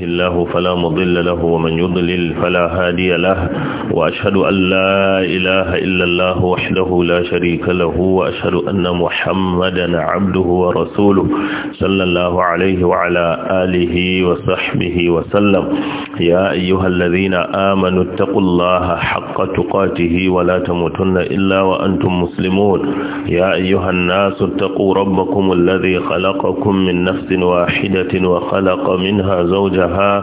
الله فلا مضل له ومن يضلل فلا هادي له وأشهد أن لا إله إلا الله وحده لا شريك له وأشهد أن محمدا عبده ورسوله صلى الله عليه وعلى آله وصحبه وسلم يا أيها الذين آمنوا اتقوا الله حق تقاته ولا تموتن إلا وأنتم مسلمون يا أيها الناس اتقوا ربكم الذي خلقكم من نفس واحدة وخلق منها زوجها مثلها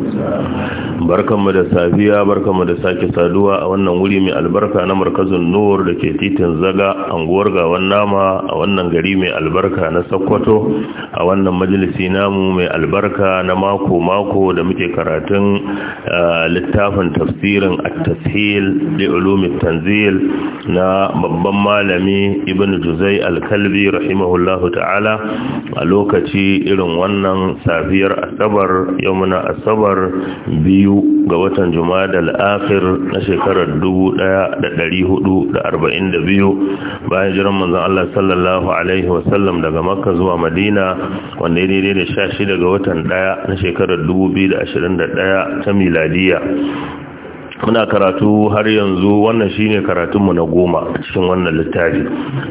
barkanmu da safiya barkanmu da sake saduwa a wannan wuri mai albarka na markazin nuwar da ke titin zaga anguwar gawan nama a wannan gari mai albarka na sakkwato a wannan majalisi namu mai albarka na mako-mako da muke karatun littafin tafsirin at-tashil da ulumin tanzil na babban malami ibn juzai alkalbi rahimahullahu ta'ala a lokaci irin wannan safiyar asabar yau muna asabar asabar biyu ga watan jumadal akhir na shekarar 1442 bayan jiran manzon Allah sallallahu alaihi wasallam daga makka zuwa madina wanda ya daidai da 16 ga watan 1 na shekarar 2021 ta miladiya muna karatu har yanzu wannan shine mu na goma a cikin wannan littafi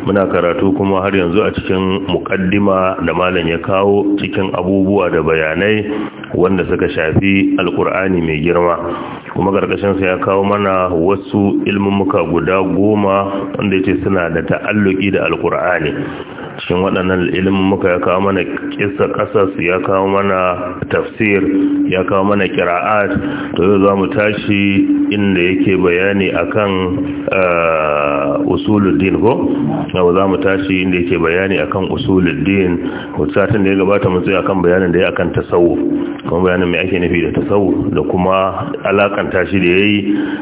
muna karatu kuma har yanzu a cikin mukaddima da malam ya kawo cikin abubuwa da bayanai wanda suka shafi alkur'ani mai girma kuma sa ya kawo mana wasu ilmummuka guda goma wanda ya suna da ta'alluki da alkur'ani cikin waɗannan ilimin muka ya kawo mana kisa ƙasas ya kawo mana tafsir ya kawo mana kira'at to yau za mu tashi inda yake bayani akan uh, usuluddin ko yau za mu tashi inda yake bayani akan usuluddin satin da ya gabata mun tsaya akan bayanin da ya akan tasawuf kuma bayanin mai ake nufi da tasawuf da kuma alakanta shi da yayi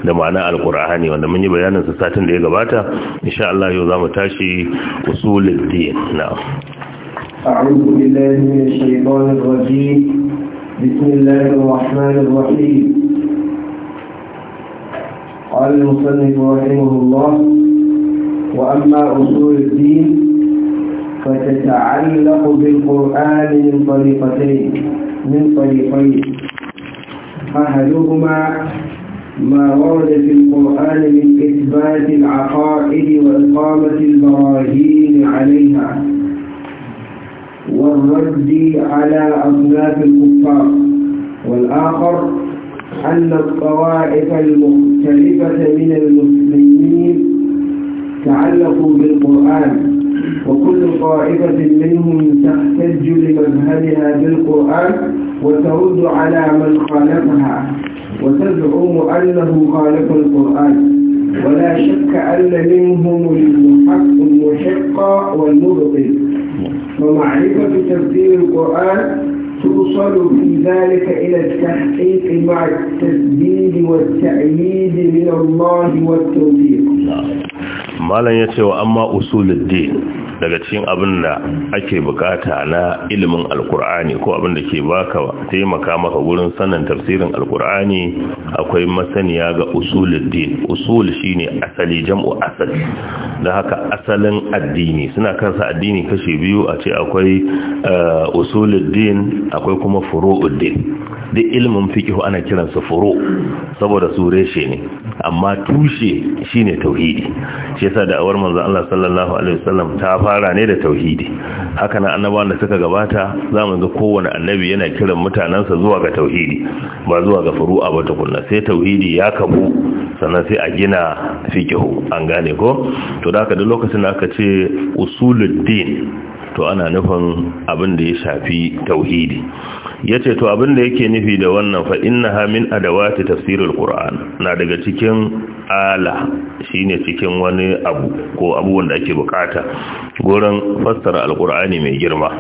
da ma'ana alqur'ani wanda mun yi bayanin sa satin da ya gabata insha Allah yau za mu tashi usuluddin نعم أعوذ بالله من الشيطان الرجيم بسم الله الرحمن الرحيم قال المصنف رحمه الله وأما أصول الدين فتتعلق بالقرآن من طريقتين من طريقين أحدهما ما ورد في القرآن من إثبات العقائد وإقامة البراهين عليها والرد على أصناف الكفار والآخر أن الطوائف المختلفة من المسلمين تعلقوا بالقرآن وكل طائفة منهم تحتج لمذهبها بالقرآن وترد على من خالفها وتزعم أنه خالف القرآن ولا شك أن منهم المحق المحق والمبطل ومعرفة تفسير القرآن توصل في ذلك إلى التحقيق مع التسديد والتأييد من الله والتوفيق نعم. ما لن يتوى أما أصول الدين daga cikin abin da ake bukata na ilimin alkur'ani ko abin da ke baka taimaka maka wurin sanin tafsirin alkur'ani akwai masaniya ga usulul din usul shine asali jam'u asal da haka asalin addini suna kansa addini kashi biyu a ce akwai eh, usulul din akwai kuma furu'ud din duk ilimin fikihu ana kiransa furo saboda su reshe ne amma tushe shine tauhidi shi yasa da awar manzon Allah sallallahu alaihi wasallam ta fara ne da tauhidi haka nan annabawan da suka gabata zamu ga kowanne annabi yana kiran mutanansa zuwa ga tauhidi ba zuwa ga a ba tukunna sai tauhidi ya kabu sannan sai a gina fikihu an gane ko to da haka duk lokacin da aka ce usuluddin to ana nufin abin da ya shafi tauhidi ya ce to abin da yake nufi da wannan fa innaha min adawati tafsirul qur'an na daga cikin ala shine cikin wani abu ko abubuwan da ake bukata gurin fassara alqur'ani mai girma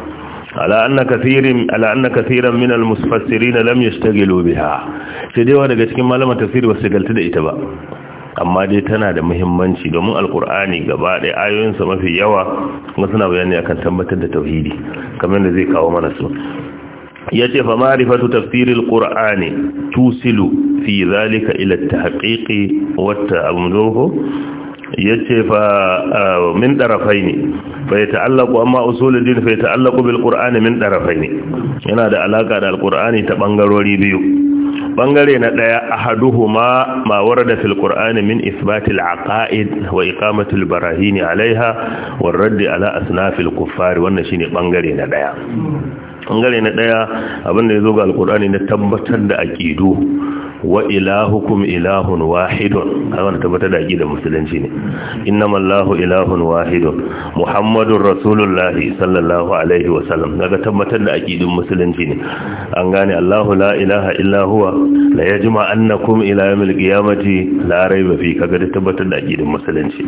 ala anna kathirin ala anna kathiran min almufassirin lam yashtaghilu biha sai dai daga cikin malaman tafsiri ba su galta da ita ba amma dai tana da muhimmanci domin alkur'ani gaba ɗaya ayoyinsa mafi yawa kuma suna bayani akan tabbatar da tauhidi kamar da zai kawo mana su yace fa ma'rifatu tafsiril qur'ani tusilu fi zalika ila at-tahqiqi wata at-amduhu yace fa min darafaini fa yata'allaqu amma usuluddin fa yata'allaqu bil qur'ani min darafaini yana da alaka da alqur'ani ta bangarori biyu bangare na daya ahaduhuma ma warada fil qur'ani min isbatil al aqaid wa iqamati al barahin alaiha wa raddi ala asnafil al kuffar wannan shine bangare na daya bangare na daya abinda ya zo ga alkur'ani na tabbatar da aqidu wa ilahukum ilahun wahidun kaga na tabbatar da aqida musulunci ne innamallahu ilahun wahidun muhammadur rasulullahi sallallahu alaihi wa sallam kaga tabbatar da aqidin musulunci ne an gane allahu la ilaha illa huwa la yajma annakum ila yawmil qiyamati la raiba fi kaga da tabbatar da aqidin musulunci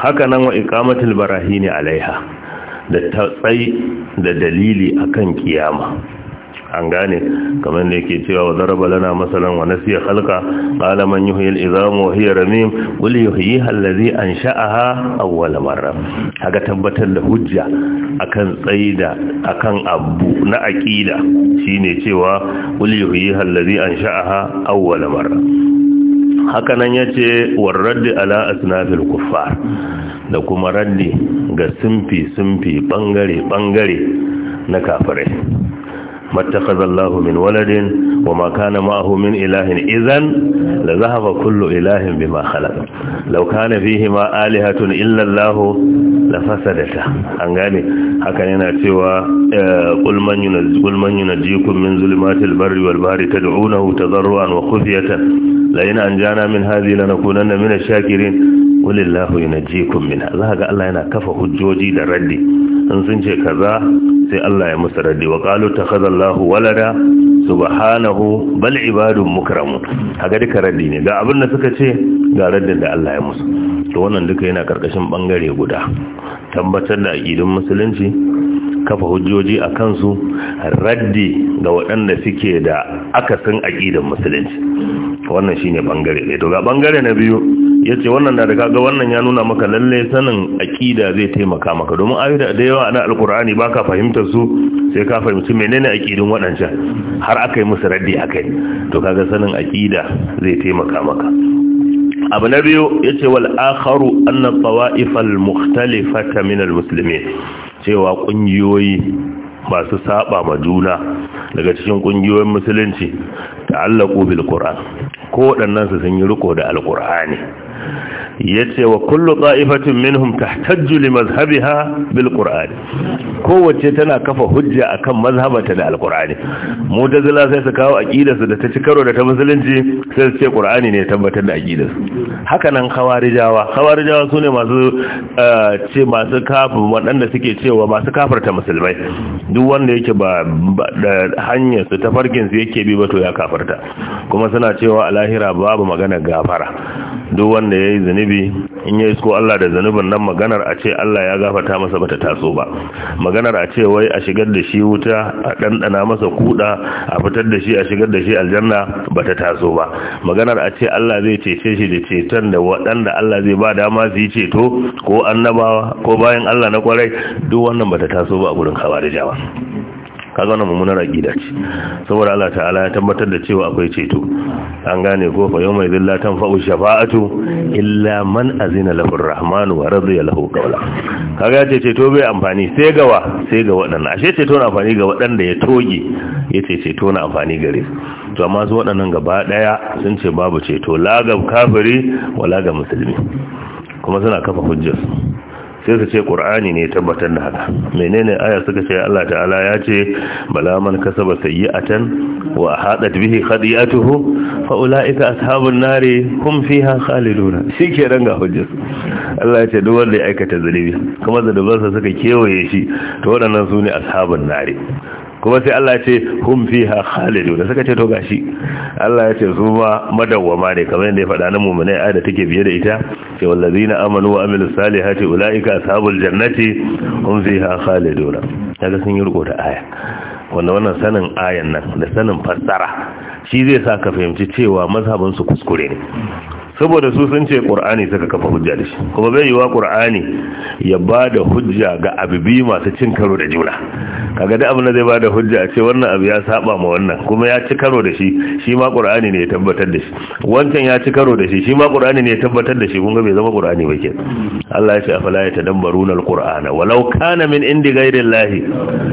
haka nan wa iqamatul barahini alaiha da ta tsayi da dalili akan kiyama an gane kamar da yake cewa zaraba lana masalan wa nasiya khalqa qala man yuhyi al-izama wa hiya ramim qul yuhyiha allazi ansha'aha awwal marra kaga tabbatar da hujja akan tsaida akan abu na aqida shine cewa qul yuhyiha allazi ansha'aha awwal marra haka nan yace warraddi ala asnafil kuffar da kuma raddi ga simfi-simfi bangare-bangare na kafirai matakazallahu min waladin wa makana ma'ahu min ilahin izan da zahaba kullu ilahin bima khalaq law fihi ma alihatun illallahu allah la fasadata an gane hakan yana cewa eh, qul man yunazzilu qul man bari min zulumatil barri wal bahri tad'unahu tadarruan wa khufyatan la in anjana min hadhihi lanakunanna min ash-shakirin kulillahu yunajjikum minha za ga Allah yana kafa hujjoji da raddi in sun ce kaza sai Allah ya musu raddi wa qalu takhadallahu walada subhanahu bal ibadun mukramun haka duka raddi ne ga abin da suka ce ga raddin da Allah ya musu to wannan duka yana karkashin bangare guda tabbatar da aqidun musulunci kafa hujjoji a kansu raddi ga waɗanda suke da akasin aqidun musulunci wannan shine bangare ne to ga bangare na biyu yace wannan da kaga wannan ya nuna maka lalle sanin akida zai taimaka maka domin a da yawa na alkur'ani baka fahimtar su sai ka fahimci menene akidin wadancan har akai musu raddi akai to kaga sanin aƙida zai taimaka maka abu na biyu yace wal akharu anna tawa'if al mukhtalifata min al cewa kungiyoyi masu saba ma juna daga cikin kungiyoyin musulunci ta'allaku bil qur'an ko waɗannan su sun yi riko da alkur'ani yace wa kullu ƙa'ifatin minhum tahtajju li mazhabiha bil qur'ani kowace tana kafa hujja akan mazhabata da alkur'ani mutazila sai su kawo aqidarsu da ta ci karo da ta musulunci sai su ce qur'ani ne tabbatar da aqidarsu haka nan khawarijawa khawarijawa sune masu eh, ce masu kafu waɗanda suke cewa masu kafarta musulmai duk wanda yake ba da hanyar su ta farkin su yake bi ba to ya kafarta kuma suna cewa a lahira babu magana gafara duk wanda yayi zunubi in ya isko Allah da zanubin nan maganar a ce Allah ya gafarta masa bata taso ba maganar a ce wai a shigar da shi wuta a ɗanɗana masa kuɗa a fitar da shi a shigar da shi aljanna ba ta taso ba maganar a ce Allah zai cece shi da ceton da waɗanda Allah zai ba dama su yi ceto ko annabawa ko bayan Allah na kwarai duk wannan ba ta taso ba a gurin kaba da jawa ka wannan mummunar aqida ce saboda Allah ta'ala ya tabbatar da cewa akwai ceto an gane ko fa yawmai idhil tanfa'u shafa'atu illa man azina lahu ar-rahman wa radiya lahu qawla kaga ce ceto bai amfani sai gawa, sai ga waɗannan ashe ceto na amfani ga waɗanda ya toge yace ceto na amfani gare to amma su waɗannan gaba ɗaya sun ce babu ceto la ga kafiri wala ga musulmi kuma suna kafa hujjar sai su ce qur'ani ne tabbatar da haka menene aya suka ce Allah ta'ala ya ce bala man kasaba sayyi'atan wa hadat bihi khadi'atuhu fa ulaika ashabun nari hum fiha khaliduna shikenan ga hujjar Allah ya ce duk wanda ya aikata zalimi kuma zalubansa suka kewaye shi to waɗannan su ne ashabun nari kuma sai Allah ya ce hum fiha khalidun suka ce to gashi Allah ya ce su ma madawwama ne kamar yadda ya faɗa na mu'minai ayat da take biye da ita ce wallazina amanu wa amilus salihati ulaika ashabul jannati hum fiha khalidun kaga sun yi riko da aya wanda wannan sanin ayan nan da sanin fassara shi zai sa ka fahimci cewa mazhabansu su kuskure ne saboda su sun ce ƙur'ani suka kafa hujja da shi kuma bai wa ƙur'ani ya ba da hujja ga abibi masu cin karo da juna kaga da abin da zai ba da hujja a ce wannan abu ya saba ma wannan kuma ya ci karo da shi shi ma ƙur'ani ne ya tabbatar da shi wancan ya ci karo da shi shi ma ƙur'ani ne ya tabbatar da shi kun ga bai zama ƙur'ani ba ke Allah ya ce afala ya tadabbaruna alqur'ana walau kana min indi ghairillahi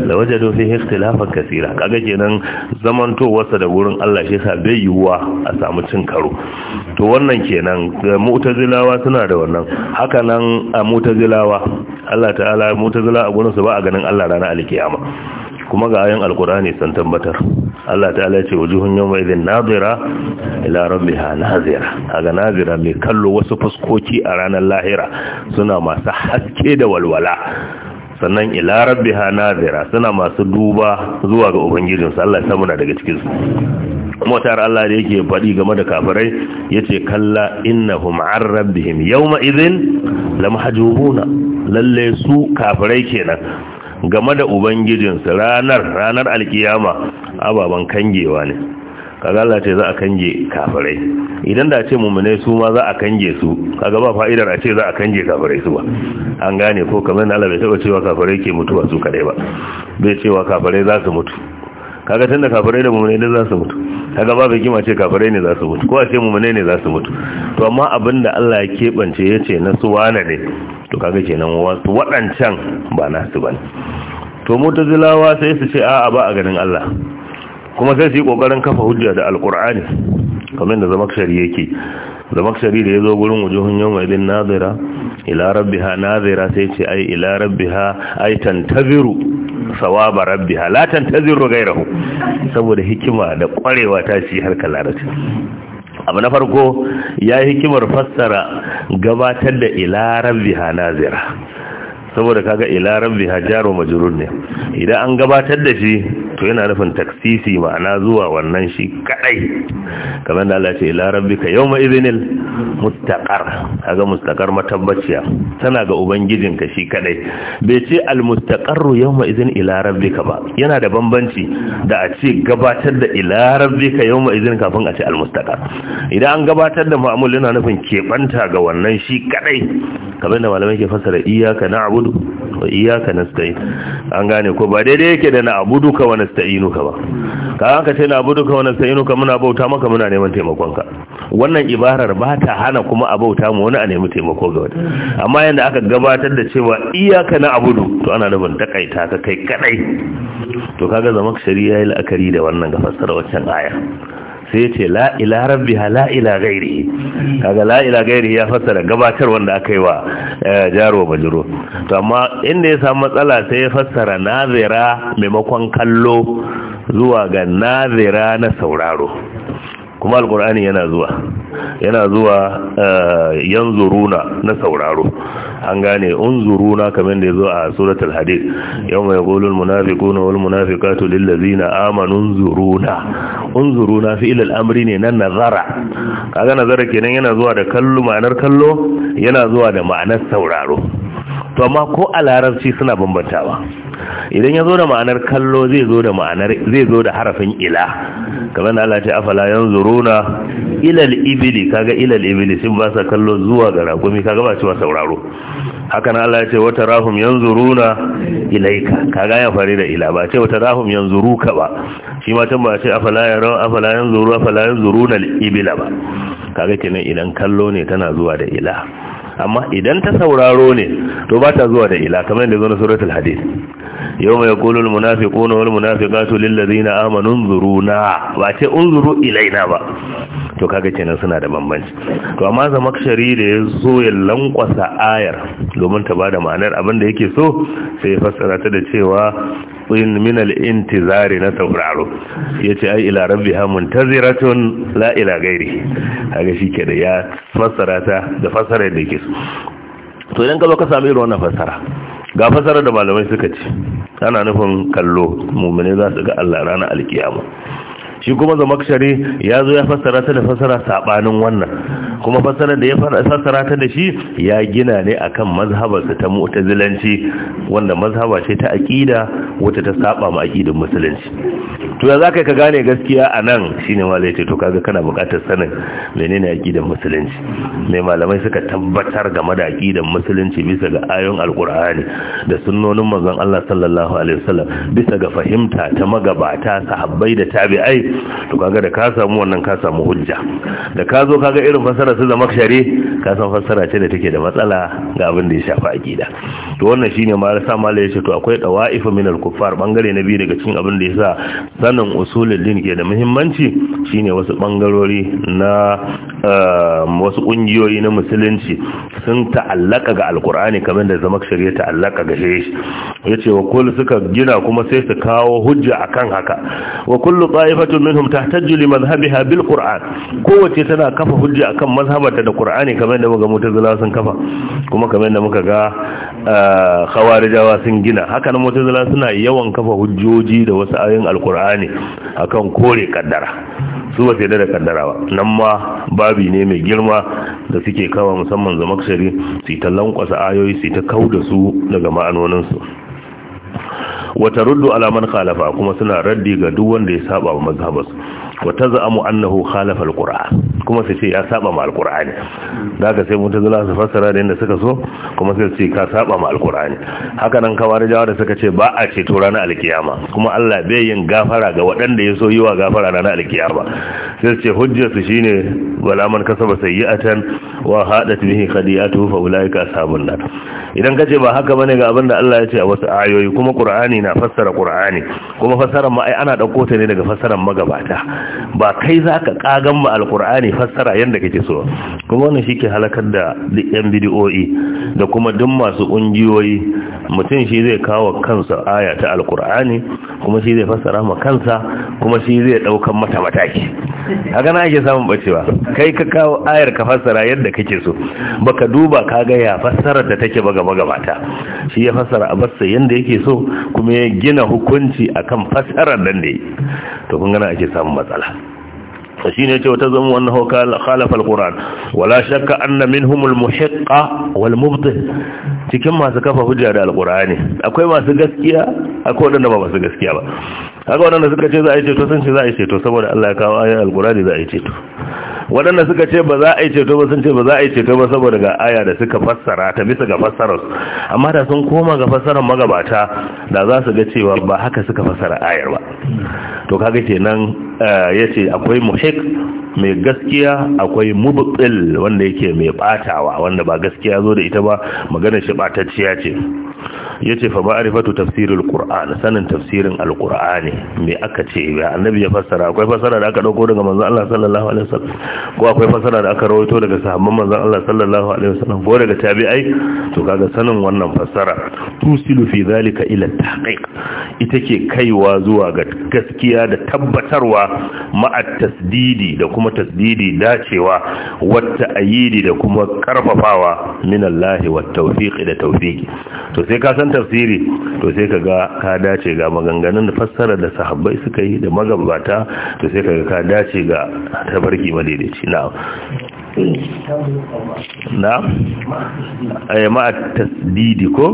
lawajadu fihi ikhtilafan kaseera kaga kenan zamantowarsa da wurin Allah shi yasa bai yiwa a samu cin karo to wannan kenan mu'tazilawa suna da wannan haka nan a mu'tazilawa Allah ta'ala mu'tazila a gurin su ba a ganin Allah rana alkiyama kuma ga ayan alkurani sun tabbatar Allah ta'ala ya ce wujuhun yawma idhin nadira ila rabbiha nazira aga nazira mai kallo wasu fuskoki a ranar lahira suna masu haske da walwala sannan ila rabbiha nazira suna masu duba zuwa ga ubangijinsu Allah ya samu daga cikin su motar Allah da yake faɗi game da kafirai yace kalla innahum an rabbihim yawma idhin lamahjubuna lalle su kafirai kenan game da ubangijinsu ranar ranar alkiyama ababan kangewa ne kaga Allah ce za a kange kafirai idan da ce mummune su ma za a kange su kaga ba fa'idar a ce za a kange kafirai su ba an gane ko kamar Allah bai taba cewa kafirai ke mutuwa su kadai ba bai cewa kafirai za su mutu kaga tunda kafirai da mumunai ne za su mutu kaga babu hikima ce kafirai ne za su mutu ko a ce mumunai ne za su mutu to amma abin da Allah ya keɓance ya ce na su ne to kaga kenan waɗancan ba na su bane to zilawa sai su ce a'a ba a ganin Allah kuma sai su yi kokarin kafa hujja da alkur'ani kamar da zamakshari yake zamakshari da ya zo gurin wujuhun yau mai din nazira ila rabbiha nazira sai ce ai ila rabbiha ai tantaziru sawaba rabbi halatan taziru gairahu saboda hikima da kwarewa ta shi harkar larabci abu na farko ya hikimar fassara gabatar da ila rabbi nazira saboda kaga ila hajar hajaru majrur ne idan an gabatar da shi to yana nufin taksisi ma'ana zuwa wannan shi kadai kamar da Allah ya ce ila rabbika yawma idhinil mustaqar kaga mustaqar matabbaciya tana ga ubangijinka shi kadai bai ce al mustaqar yawma idhin ila rabbika ba yana da bambanci da a ce gabatar da ila rabbika yawma idhin kafin a ce al mustaqar idan an gabatar da ma'amul yana nufin kebanta ga wannan shi kadai kamar da malamai ke fassara iyyaka na'budu abudu wa iyaka nasta'in an gane ko ba daidai yake da na ka wa ka ba ka haka sai ka wa ka muna bauta maka muna neman taimakon ka, wannan ibarar ba ta hana kuma a bauta mu wani a nemi taimako ga wani amma yanda aka gabatar da cewa iyaka na abudu to ana nufin takaita ka kai kadai to kaga zamak shari'a ya yi la'akari da wannan ga fassara waccan aya sai ce la ila ha la ila gairi kaga la ila gairi ya fassara gabatar wanda aka yi wa eh, jaro bajiro to amma inda ya samu matsala sai ya fassara nazira maimakon kallo zuwa ga nazira na sauraro kuma alkur'ani yana zuwa yana zuwa eh, yanzuruna na sauraro an gane unzuruna kamar da yazo a suratul hadid yawma yaqulu almunafiquna walmunafiqatu lillazina amanu unzuruna unzuruna fi ilal amri ne nan nazara kaga nazara kenan yana zuwa da kallo ma'anar kallo yana zuwa da ma'anar sauraro to amma ko a suna bambantawa idan ya zo da ma'anar kallo zai zo da ma'anar zai zo da harafin ila kamar na Allah ce afala yanzuruna ila al-ibli kaga ila al-ibli sun ba sa kallo zuwa ga ragumi kaga ba cewa sauraro haka na Allah ya ce wata rahum yanzuruna ilaika kaga ya fare da ila ba ce wata rahum ka ba shi ma tun ba ce afala yarau afala yanzuru afala yanzuruna al-ibla ba kaga kenan idan kallo ne tana zuwa da ila amma idan ta sauraro ne to ba ta zuwa da ila kamar da zuwa suratul hadid yawma yaqulul munafiquna wal munafiqatu lil ladzina amanu unzuruna ba ce unzuru ilaina ba to kaga kenan suna da bambanci to amma zamakshari da ya zo ya lankwasa ayar domin ta bada ma'anar abin da yake so sai ya fassara ta da cewa qat'in min al-intizari na sauraro yace ai ila rabbiha muntaziratun la ila ghairi shi ke da ya fassara ta da fassara da yake to idan ka zo ka samu irin wannan fassara ga fassara da malamai suka ce ana nufin kallo mu'mini za su ga Allah ranar alkiyama shi kuma zamakshari ya zo ya fassara ta da fassara sabanin wannan kuma fassara da ya fassara ta da shi ya gina ne akan mazhabarsa ta mu'tazilanci wanda mazhaba ce ta aƙida wata ta saba ma aƙidin musulunci to ya zaka ka gane gaskiya anan shine ma zai ce to kaga kana buƙatar sanin menene aqidar musulunci me malamai suka tabbatar game da aqidar musulunci bisa ga ayoyin alƙur'ani da sunnonin manzon Allah sallallahu alaihi wasallam bisa ga fahimta ta magabata sahabbai da tabi'ai to kaga da ka samu wannan ka samu hujja da ka zo kaga irin fasara su zama share kasan fassara ce da take da matsala ga abin da ya shafa gida. to wannan shine ma rasa ya yace to akwai dawaifu min al-kuffar bangare na biyu daga cikin abin da yasa sanin usulul din ke da muhimmanci shine wasu bangarori na um, wasu kungiyoyi na musulunci sun ta'allaka ga alkur'ani kamar da zama shari'a ta'allaka ga shi yace wa kullu suka gina kuma sai su kawo hujja akan haka wa kullu ta'ifatun minhum tahtajju li madhhabiha bil qur'an kowace tana kafa hujja akan mazhabata da qur'ani kamar kamar da muka mutazila sun kafa kuma kamar da muka ga ah, khawarijawa sun gina haka nan mutazila suna yawan kafa hujjoji da wasu ayoyin alkur'ani akan kore kaddara su ba da kaddara ba nan ma babi ne mai girma da suke kawo musamman zamakshari su ta lankwasa ayoyi su ta kau da su daga ma'anoninsu wata ruddu alaman khalafa kuma suna raddi ga duk wanda ya saba wa mazhabas wata za'amu annahu khalafa alqur'an kuma su ce ya saba ma alkur'ani da ka sai zula su fassara da yadda suka so kuma sai ce ka saba ma alkur'ani haka nan kamar jawa da suka ce ba a ceto ranar alkiyama kuma Allah bai yin gafara ga waɗanda ya so yi wa gafara ranar alkiyama sai su ce hujjar su shine wala yi a sayyi'atan wa hadat bihi khadiyatu fa ulaika ashabun nar idan ce ba haka bane ga abinda Allah ya ce a wasu ayoyi kuma Qur'ani na fassara Qur'ani kuma fassarar ma ai ana dauko ta ne daga fassarar magabata ba kai zaka kagan ma alqur'ani fassara yadda kake so kuma wannan shi ke halakar da duk yan bidiyoyi da kuma duk masu ƙungiyoyi mutum shi zai kawo kansa aya ta alkur'ani kuma shi zai fassara ma kansa kuma shi zai ɗaukan mata mataki haka na ake samun bacewa kai ka kawo ayar ka fassara yadda kake so baka duba ka ga ya fassarar da take ba gaba ta shi ya fassara a bassa yadda yake so kuma ya gina hukunci akan fassarar nan da yi to kun gana ake samun matsala shine cewa ta zama wannan hukal khalafa alquran wala shakka anna minhum almuhiqqa walmubtil cikin masu kafa hujja da alqurani akwai masu gaskiya akwai wadanda ba masu gaskiya ba haka waɗanda suka ce za a yi ceto sun ce za a yi ceto saboda Allah ya kawo ayar alkurani za a yi ceto waɗanda suka ce ba za a yi ceto ba sun ce ba za a yi ceto ba saboda ga aya da suka fassara ta bisa ga fassara, amma da sun koma ga fassarar magabata da za su ga cewa ba haka suka fassara ayar ba to kaga kenan eh, ya ce akwai muhik mai gaskiya akwai mubil wanda yake mai batawa wanda ba gaskiya zo da ita ba magana shi batacciya ce yace fa ma'rifatu tafsirul qur'an sanin tafsirin alqur'ani me aka ce ya? annabi ya fassara akwai fassara da aka dauko daga manzon Allah sallallahu alaihi wasallam ko akwai fassara da aka rawaito daga sahabban manzon Allah sallallahu alaihi wasallam ko daga tabi'ai to kaga sanin wannan fassara tusilu fi zalika ila tahqiq ita ke kaiwa zuwa ga gaskiya da tabbatarwa ma'a tasdidi da kuma tasdidi dacewa wata ayidi da kuma karfafawa min Allah wa tawfiq da tawfiq to sai ka san tafsiri to sai ka ga ka dace ga maganganun da fassara da sahabbai suka yi da magabata to sai ka ga ka dace ga tabarki madaidaici na'am na a eh, ma tasdidi ko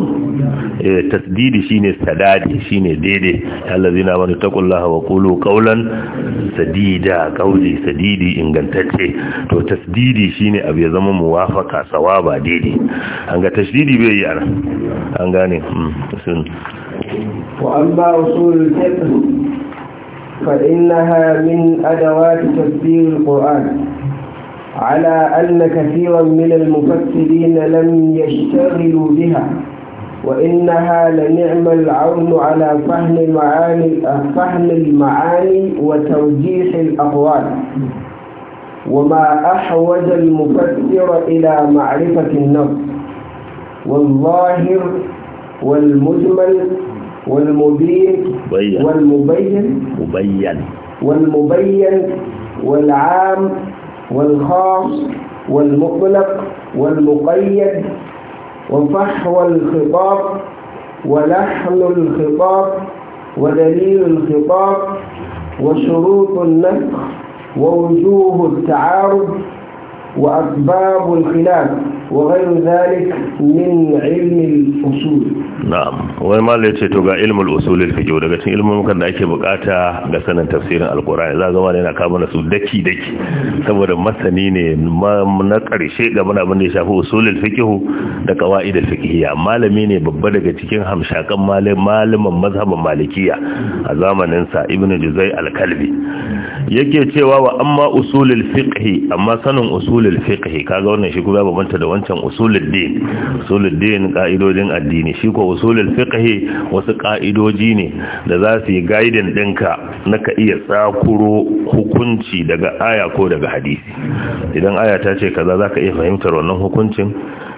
eh, tasdidi shine sadadi shine daidai allazina wani taqullaha wa qulu qawlan sadida qawli sadidi ingantacce to tasdidi shine abu ya zama muwafaka sawaba daidai an ga tasdidi bai yi ana an gane hmm, wa amma usul na fa innaha min adawati tafsir alquran على أن كثيرا من المفسرين لم يشتغلوا بها وإنها لنعم العون على فهم معاني فهم المعاني وتوجيه الأقوال وما أحوج المفسر إلى معرفة النص والظاهر والمجمل والمبين والمبين والمبين والعام والخاص والمطلق والمقيد وفحوى الخطاب ولحن الخطاب ودليل الخطاب وشروط النسخ ووجوه التعارض وأسباب الخلاف وغير ذلك من علم الأصول نعم وما ليتي توغا علم الأصول الفقه daga cikin ilmomin da ake bukata ga sanin tafsirin alkur'ani za ga wani yana kama na su daki daki saboda masani ne na karshe ga mana abin da ya shafi usulul fiqh da qawaidul fiqhiyya malami ne babba daga cikin hamshakan malaman mazhaban malikiya a zamanin sa ibnu juzai al-kalbi yake cewa wa amma usulul fiqh amma sanin usulul fiqh kaga wannan shi kuma babanta da wancan usuluddin usuluddin ka'idojin addini shi ko usulul fiqhi wasu ka'idoji ne da za su yi guiding dinka na ka iya tsakuro hukunci daga aya ko daga hadisi idan aya ta ce kaza zaka iya fahimtar wannan hukuncin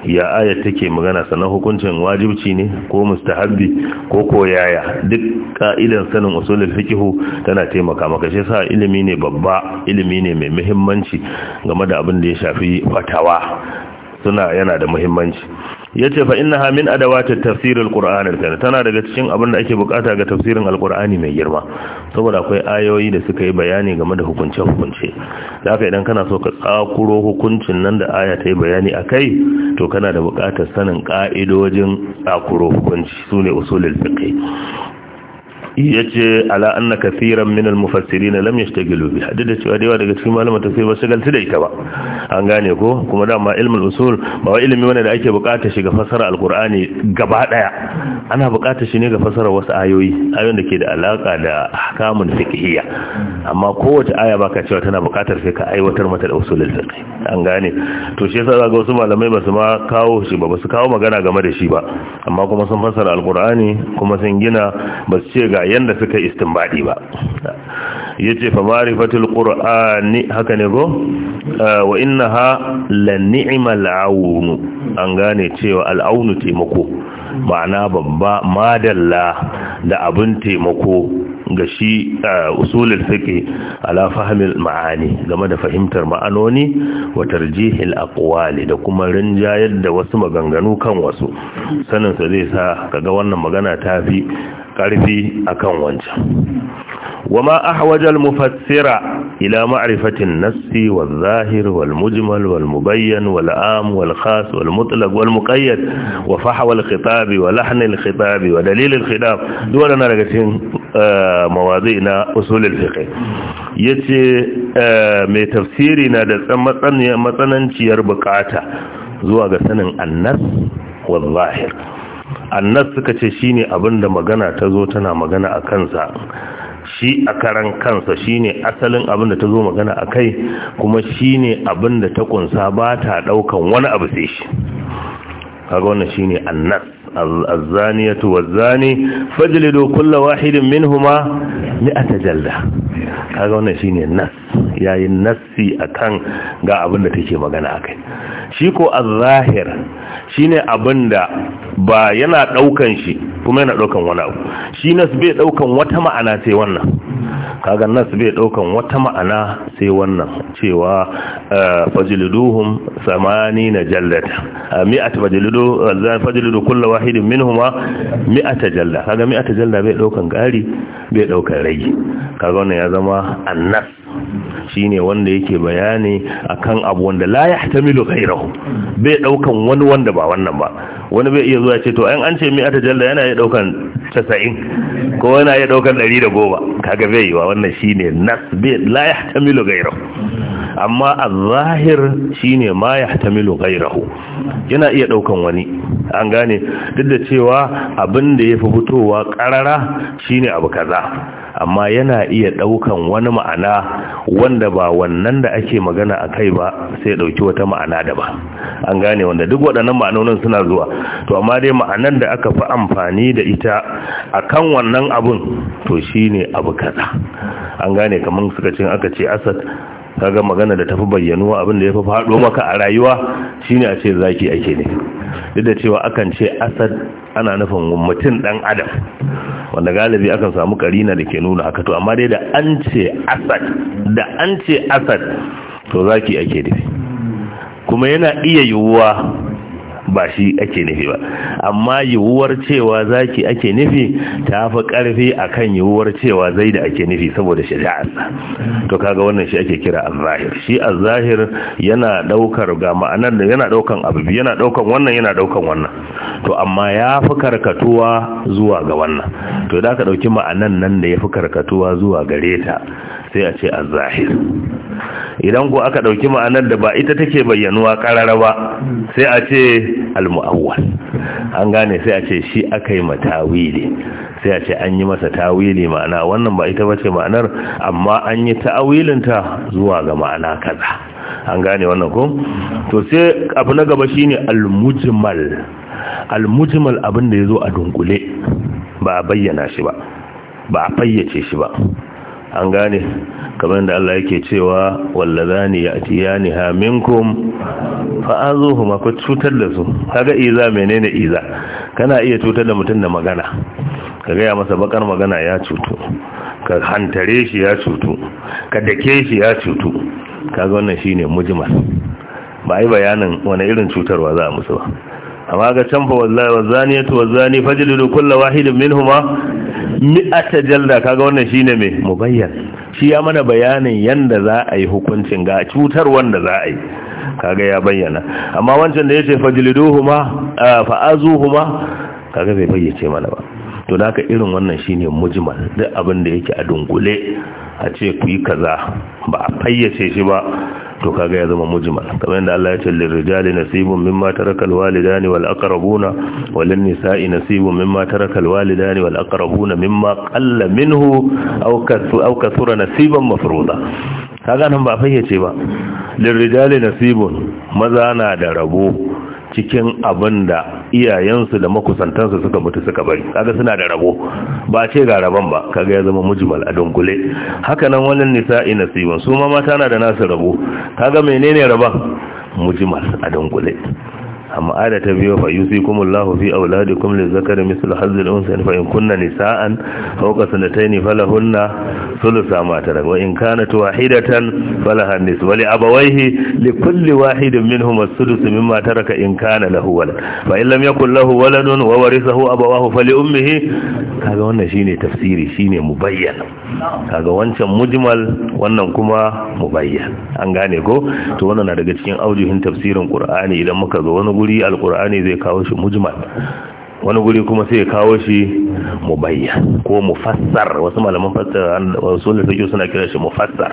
ya aya take magana sanan hukuncin wajibci ne ko mustahabbi ko ko yaya duk ka'idan sanin usulul fiqhu tana taimaka maka shi sa ilimi ne babba ilimi ne mai muhimmanci game da abin da ya shafi fatawa suna yana da muhimmanci yace fa innaha min adawati tafsir alquran alkarim tana daga cikin abin da ake bukata ga tafsirin alqurani mai girma saboda akwai ayoyi da suka yi bayani game da hukunce hukunce da haka idan kana so ka tsakuro hukuncin nan da aya ta yi bayani akai to kana da bukatar sanin ka'idojin tsakuro hukunci sune usulul fiqh ya ce ala anna kathiran min al-mufassirin lam yashtagilu bi hadda cewa da yawa daga cikin malaman tafsir ba su galtu da ita ba an gane ko kuma dama ilmul usul ba wa ilimi wanda da ake bukata shi ga fasara alqur'ani gaba daya ana bukata shi ne ga fasara wasu ayoyi ayoyin da ke da alaka da ahkamun fiqhiyya amma kowace aya baka cewa tana bukatar sai ka aiwatar mata da usulul fiqh an gane to shi yasa ga wasu malamai ba su ma kawo shi ba ba su kawo magana game da shi ba amma kuma sun fasara alqur'ani kuma sun gina ba su ce ga da suka istinbadi ba yace fa marifatul qur'ani haka ne go eh, wa innaha la ni'mal an gane cewa al'aunu taimako ma'ana babba madalla da abin taimako ga shi usulul fiqh ala fahmil ma'ani game da fahimtar ma'anoni wa tarjihil aqwali da kuma rinjayar da wasu maganganu kan wasu sanin sa zai sa kaga wannan magana ta fi karfi akan wancan وما أحوج المفسر إلى معرفة النص والظاهر والمجمل والمبين والآم والخاص والمطلق والمقيد وفحوى الخطاب ولحن الخطاب ودليل الخطاب دولة نرغتين مواضيعنا أصول الفقه يتي من تفسيرنا مثلا da matsananciyar bukata zuwa ga sanin annas wal zahir annas suka ce shine abinda magana ta zo tana magana a kansa shi a karan kansa shine asalin abin da ta zo magana a kai kuma shine abin da ta kunsa ba ta daukan wani abu sai shi kaga wannan shine annas az-zaniyatu zani fajlidu kulla wahidin minhuma mi'ata jalda kaga wannan shine nas yayin a akan ga abin da take magana akai shi ko az-zahir shine abin da ba yana daukan shi kuma yana daukan wani abu shi nas bai daukan wata ma'ana sai wannan kaga nas bai daukan wata ma'ana sai wannan cewa eh, fajliduhum samani na jallata eh, mi'at fajlidu eh, fajlidu kullu wahidin minhuma mi'at jalla kaga mi'at jalla bai daukan gari bai daukan rai kaga wannan ya zama annas shine wanda yake bayani akan abu wanda la yahtamilu ghayrahu bai daukan wani wanda ba wannan ba wani bai iya zuwa ce to an an ce mi atajalla yana iya daukan 90 ko yana iya daukan 110 kaga bai yi wa wannan shine nas bai la yahtamilu ghayrahu amma al-zahir shine ma yahtamilu ghayrahu yana iya daukan wani an gane duk da cewa abin da yafi fitowa karara shine abu kaza amma yana iya ɗaukan wani ma'ana wanda ba wannan da ake magana a kai ba sai ɗauki wata ma'ana da ba an gane wanda duk waɗannan ma'anonin suna zuwa to amma dai ma'anan da aka fi amfani da ita a kan wannan abun to shi ne abu kaza an gane kamar suka cin aka ce asad kaga magana da tafi bayyanuwa abin da ya fi faɗo maka a rayuwa shine a ce zaki ake ne duk da cewa akan ce asad ana nufin mutum dan adam wanda galibi akan samu karina da ke nuna haka to amma dai da an ce asad da an ce asad to zaki ake dafi kuma yana iya yiwuwa ba shi ake nufi ba amma yiwuwar cewa zaki ake nufi ta fi karfi akan yiwuwar cewa zai da ake nufi saboda shari'arsa to kaga wannan shi ake kira az-zahir shi az-zahir yana daukar ga ma'anar da yana daukan abu yana daukan wannan yana daukan wannan to amma ya fi karkatuwa zuwa ga wannan to da ka dauki ma'anan nan da ya fi karkatuwa zuwa gare ta sai a ce a zahir idan ko aka ɗauki ma'anar da ba ita take bayyanuwa karara ba sai a ce al-mu'awwal an gane sai a ce shi aka yi matawili sai a ce an yi masa tawili ma'ana wannan ba ita bace ma'anar amma an yi ta'awilinta zuwa ga ma'ana kaza an gane wannan ko to sai abu na gaba shine al-mujmal al-mujmal abin da ya zo a dunkule ba a bayyana shi ba ba a fayyace shi ba an gane kamar da Allah yake cewa wallazani ya'tiyani ha minkum fa'azuhuma ku cutar da su kaga iza menene iza kana iya cutar da mutum da magana ka gaya masa bakar magana ya cutu ka hantare shi ya cutu ka dake shi ya cutu kaga wannan shine mujmal ba ai bayanin wani irin cutarwa za a musu ba amma ga can fa wallahi wazaniyatu wazani fajlidu kullu wahidin minhumma mi'ata jalda kaga wannan shine mai mubayyan shi ya mana bayanin yanda za a yi hukuncin ga cutar wanda za a yi kaga ya bayyana amma wancan da ya ce yace fa'azu huma kaga bai bayyace mana ba to naka irin wannan shine mujmal duk abin da yake a dungule a ce ku yi kaza ba a fayyace shi ba to kaga ya zama mujmal kamar yadda Allah ya ce rijali nasibun mimma tarakal walidani wal aqrabuna wal nisa'i nasibun mimma tarakal walidani wal aqrabuna mimma qalla minhu aw kasu aw kasura nasiban mafruda kaga nan ba fayyace ba rijali nasibun maza na da rabo cikin abin da iyayensu da makusantansu suka mutu suka bari kaga suna da rabo ba ce ga rabon ba kaga ya zama mujmal a dunkule haka nan wannan nisa'i nasiban su ma mata na da nasu rabo kaga menene rabon mujmal a dunkule amma ada ta biyo fa yusikumullahu fi auladikum lizakari mislu hazzil unsayn fa in kunna nisaan fawqa sanatayn falahunna thulutha ma tarak wa in kanat wahidatan falaha nisfu wa li abawayhi li kulli wahidin minhum as-sudus mimma taraka in kana lahu walad fa in lam yakul lahu waladun wa warithahu abawahu fali ummihi kaga wannan shine tafsiri shine mubayyan kaga wancan mujmal wannan kuma mubayyan an gane ko to wannan na daga cikin aujuhin tafsirin qur'ani idan muka zo wani guri alkur'ani zai kawo shi mujmal wani guri kuma sai kawo shi mubayya ko mufassar wasu malaman fassar wasu da suke suna kira shi mufassar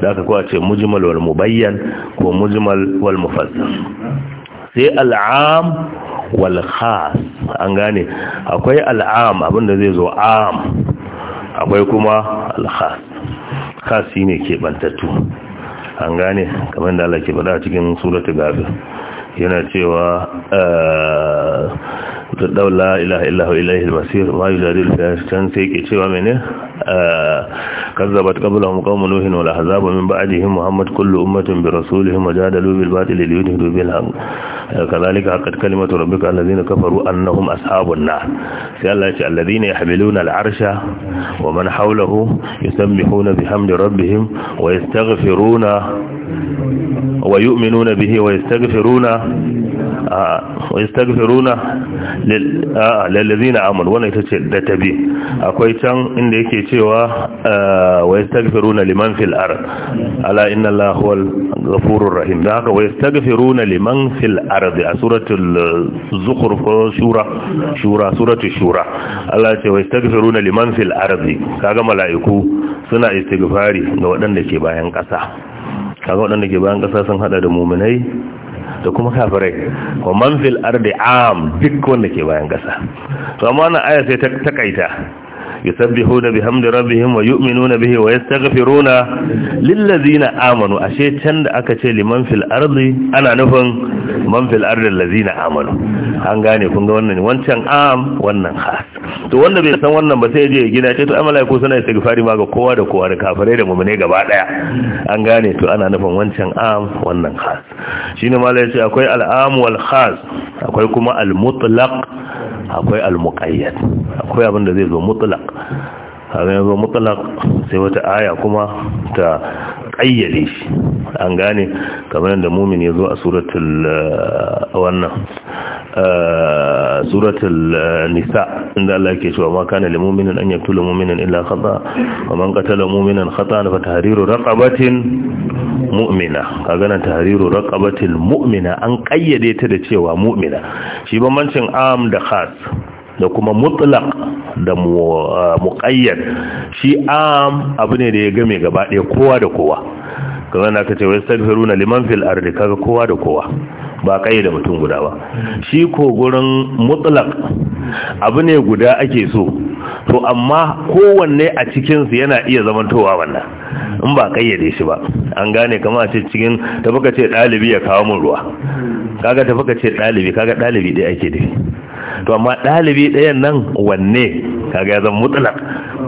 da aka kowa mujmal wal mubayyan ko mujmal wal mufassar sai al'am wal khas an gane akwai al'am abinda zai zo am akwai kuma al khas khas shine kebantattu an gane kamar da Allah ke faɗa cikin suratul ghafir yana cewa eh, وتدعو لا إله إلا هو إليه المسير ما يجادل في أشتان سيكي شوى منه آه، كذبت قبلهم قوم نوح والأحزاب ومن بعدهم محمد كل أمة برسولهم وجادلوا بالباطل ليدهدوا بالحق آه، كذلك حقت كلمة ربك الذين كفروا أنهم أصحاب النار سألة الذين يحملون العرش ومن حوله يسبحون بحمد ربهم ويستغفرون ويؤمنون به ويستغفرون آه، ويستغفرون lallazina amanu wani ita ce da tabi akwai can inda yake cewa ah, wa yastaghfiruna liman fil ard ala inna allaha wal ghafurur rahim da haka wa yastaghfiruna liman fil ard a suratul eh, zukhruf ko shura shura suratul shura Allah ce wa yastaghfiruna liman fil ard kaga mala'iku suna istighfari ga waɗanda ke bayan ƙasa kaga waɗanda ke bayan ƙasa sun hada da muminai da kuma kafirai wa man fil ardi am duk wanda ke bayan kasa to amma wannan aya sai ta takaita yusabbihuna bihamdi rabbihim wa yu'minuna bihi wa yastaghfiruna lillazina amanu ashe can da aka ce liman fil ardi ana nufin man fil ardi lazina amanu an gane kun ga wannan wancan am wannan khas to wanda bai san wannan ba sai je ya gina ce to amalai ko suna istighfari ma ga kowa da kowa da kafirai da mu'mine gaba daya an gane to ana nufin wancan am wannan khas shine malai sai akwai am wal khas akwai kuma al mutlaq akwai al muqayyad akwai abin da zai zo mutlaq kaga yanzu matsala sai wata aya kuma ta ƙayyade. shi an gane kamar yadda mumin ya zo a suratul uh, wannan uh, suratul uh, nisa inda Allah ke cewa ma kana lil mu'minin an yaqtula mu'minan illa khata wa man qatala mu'minan khata'an fa tahriru raqabatin mu'mina kaga nan tahriru raqabatil mu'mina an kayyade ta da cewa mu'mina shi bambancin am da khas da kuma mutlaq da uh, muqayyad shi am abu ne da ya game gaba ɗaya kowa da kowa kamar na kace wai astaghfiruna liman fil ardi kaga kowa da kowa ba kai da mutum guda ba shi ko gurin mutlak abu ne guda ake so to amma kowanne a cikinsu yana iya zamantowa wannan in ba kayyade shi ba an gane kama ce cikin tafi ka ce ɗalibi ya kawo mun ruwa kaga tafi ce ɗalibi kaga ɗalibi ɗaya ake da to amma ɗalibi ɗayan nan wanne kaga ya zama mutlak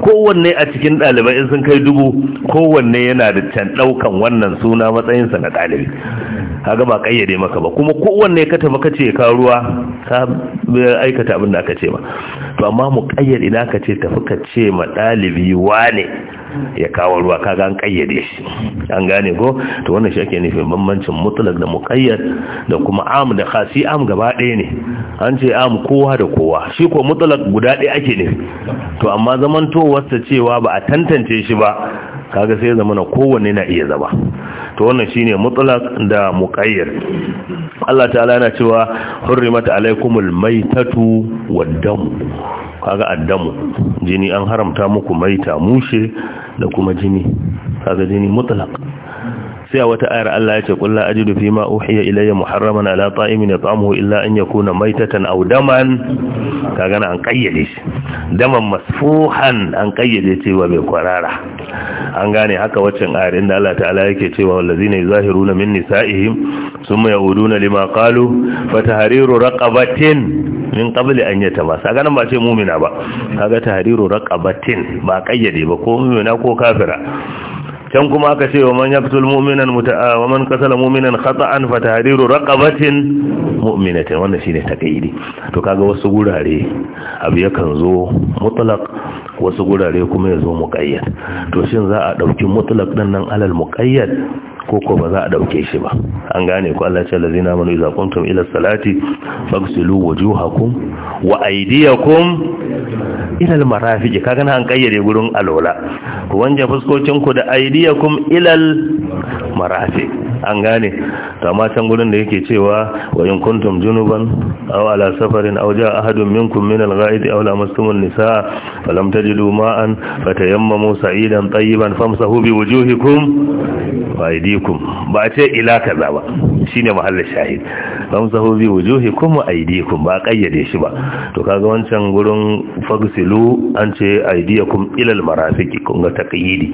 kowanne a cikin ɗalibai in sun kai dubu kowanne yana da can ɗaukan wannan suna matsayinsa na ɗalibi kaga ba kayyade maka ba kuma kowanne ka tafi kace ka ruwa ka aikata abin da aka ce ba to amma mu kayyade idan ka ce tafi ka ce ma dalibi wane ya kawo ruwa kaga an kayyade shi an gane ko to wannan shi ake nufin bambancin mutlak da muqayyad da kuma am da khasi am gaba ɗaya ne an ce am kowa da kowa shi ko mutlak guda ɗaya ake nufi to amma zamantowarsa cewa ba a tantance shi ba kaga sai zama na kowanne na iya zama to wannan shine mutlaq da muqayyad Allah ta'ala yana cewa hurrimat alaikumul maitatu wad-dam kaga addamu jini an haramta muku maita mushe da kuma jini kaga jini mutlaq sai a wata ayar Allah ya ce qul la ajidu fi ma uhiya ilayya muharraman ala ta'imin yat'amuhu illa an yakuna maytatan aw daman kaga an kayyade shi daman masfuhan an kayyade cewa mai kwarara an gane haka waccan ayar inda Allah ta'ala yake cewa wallazina yuzahiruna min nisa'ihim thumma yauduna lima qalu fatahriru raqabatin min qabli an yatamassa kaga nan ba ce mu'mina ba kaga tahriru raqabatin ba kayyade ba ko mu'mina ko kafira can kuma aka ce wa man yaktul mu'minan muta'a ah, wa man qatala mu'minan khata'an fa tahriru raqabatin mu'minatin wannan shine takayidi to kaga wasu gurare abu yakan zo mutlaq wasu gurare kuma ya zo muqayyad to shin za a dauki mutlaq din nan alal muqayyad ko ko ba za a dauke shi ba an gane ko Allah ya ce allazina amanu iza qumtum ila salati faghsilu wujuhakum wa aydiyakum ilal marafiki kaga an kayyade gurin alola ku wanje fuskocin ku da aidiyakum ilal marafiq an gane to amma can gurin da yake cewa wa in kuntum junuban aw ala safarin aw jaa ahadun minkum min al-ghaid aw lamastumun nisaa falam tajidu ma'an fatayammamu sa'idan tayyiban famsahu bi wujuhikum aidikum ba ce ila kaza ba shine mahallin shahid famsahu bi wujuhikum wa aidikum ba kayyade shi ba to kaga wancan gurin fagsilu an ce aidiyakum ila almarafiqi kun ga taqyidi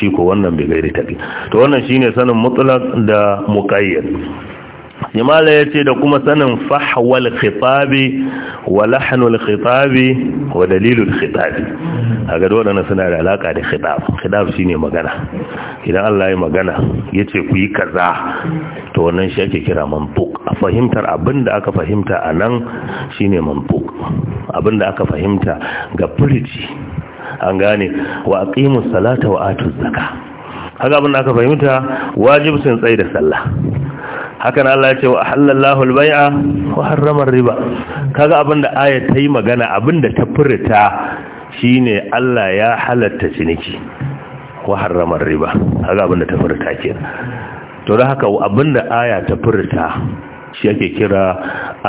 shi ko wannan bai gairi taqi to wannan shine sanin mutlaq da muqayyad jimala ya ce da kuma sanin fahawal khitabi wa lahanul khitabi wa dalilul khitabi a ga suna da alaƙa da khitab khitab shine magana idan Allah ya magana ya ce ku yi kaza to wannan shi ake kira mantuk a fahimtar abinda aka fahimta a nan shine mantuk abin da aka fahimta ga furici an gane wa aqimus salata wa atuz zakah haka abin da aka fahimta sun tsaye da sallah hakan Allah ya ce wa halallahu al-bai'a wa harrama riba kaga abin da aya ta yi magana abin da ta furta shine Allah ya halatta ciniki wa harrama riba kaga abin da ta furta ke. to dan haka abin da aya ta furta shi yake kira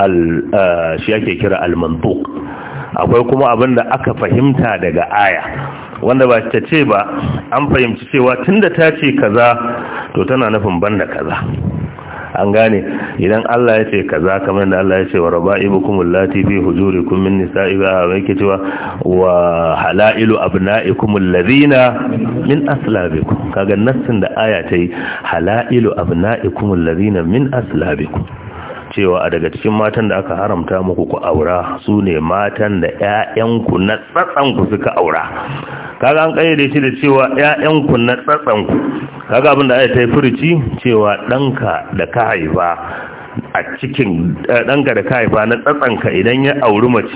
al eh, shi yake kira al-mantuq akwai kuma abin da aka fahimta daga aya wanda ba ta ce ba an fahimci cewa tun da ta ce kaza to tana nufin banda kaza an gane idan Allah ya ce kaza kamar da Allah ya ce wa raba'ibukum allati fi hujurikum min ba yake cewa wa halailu abna'ikum allazina min aslabikum kaga nassin da aya ta yi halailu abna'ikum allazina min aslabikum cewa a daga cikin matan da aka haramta muku ku aura su ne matan da ‘ya'yanku na tsatsanku suka aura kaga an ƙayyade shi da cewa ‘ya'yanku na tsatsanku kaga da aya ta yi furici cewa ɗanka da ka haifa a cikin ɗanka da ka haifa na tsatsanka idan ya auri mace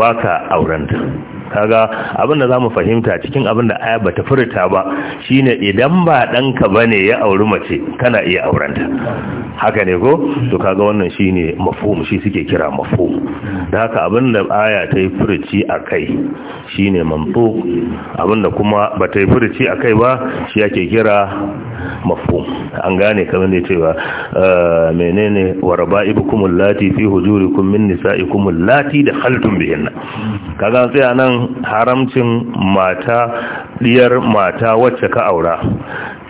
ba ka auranta kaga abin da zamu fahimta cikin abin da aya bata furta ba shine idan ba danka bane ya auri mace kana iya aurenta haka ne ko to kaga wannan shine mafhum shi suke kira mafhum da haka abin da aya ta yi furci akai shine mantuq abin da kuma bata yi furci akai ba shi yake kira mafhum an gane kamar da cewa ah, menene ibukumul Lati fi hujurikum min nisa'ikum allati dakhaltum bihinna kaga sai anan haramcin mata diyar mata wacce ka aura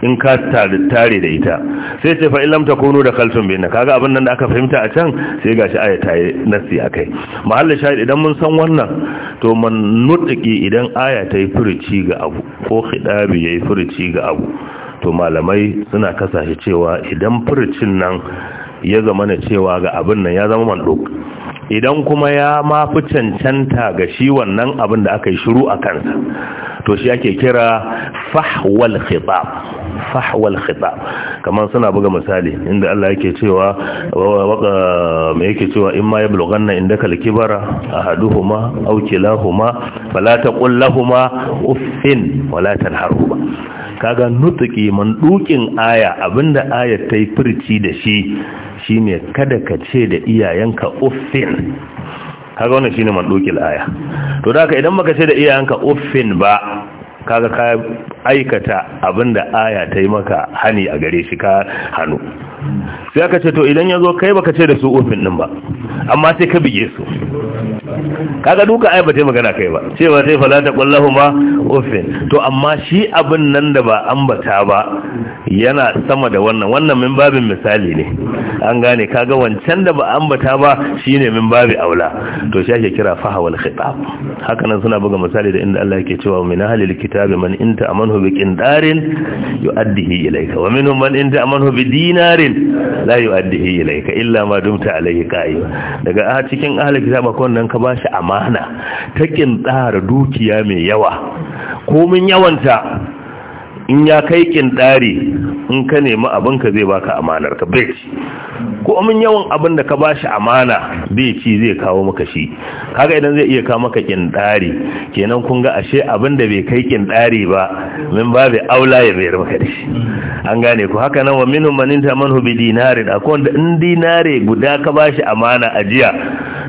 in ka tare da ita sai ce fa ilamta kunu da kalfin bainaka kaga abin nan da aka fahimta a can sai gashi aya ta yi nasi akai mahalla shahid idan mun san wannan to man nutiki idan aya ta yi furuci ga abu ko khidabi yayi furuci ga abu to malamai suna kasashe cewa idan furucin nan ya zama na cewa ga abin nan ya zama man idan kuma ya mafi cancanta ga shi wannan abin da aka yi shiru a kansa to shi ake kira fahwal khitab fahwal khita kamar suna buga misali inda Allah yake cewa me yake cewa in ma yablughanna indaka al-kibara ahaduhuma aw kilahuma fala taqul lahumā uffin wala tanharhuma kaga nutuki man dukin aya abinda ayat ta yi furci da shi shine kada ka ce da iyayenka uffin kaga wannan shine man dukin aya to da haka idan baka ce da iyayenka uffin ba kaga ka aikata abinda aya ta yi maka hani a gare shi ka hannu sai aka ce to idan ya zo kai baka ce da su ofin din ba amma sai ka bige su kaga duka ai ba ta magana kai ba cewa sai fala ta kullahu ma uffin to amma shi abin nan da ba ambata ba yana sama da wannan wannan min babin misali ne an gane kaga wancan da ba ambata ba shine min babi aula to shi ake kira hawal khitab haka nan suna buga misali da inda Allah yake cewa min ahlil kitabi man inta amanhu bi qindarin yu'addihi ilayka wa minhum man inta amanhu bi dinarin la yu'addihi ilayka illa ma dumta alayhi qa'im daga a cikin ahlil kitab akwai wannan ka ba shi amana ta ƙinɗara dukiya mai yawa komin yawanta in ya kai ƙinɗari in ka nemi abinka zai baka amanar ka bai ci komin yawan abin da ka ba shi amana bai ci zai kawo maka shi kaga idan zai iya kawo maka ƙinɗari kenan kun ga ashe abin da bai kai ƙinɗari ba min bai aula ya bayar maka da shi an gane ku haka nan wa minhum man intamanhu bi dinarin akwai wanda in dinare guda ka ba shi amana a jiya?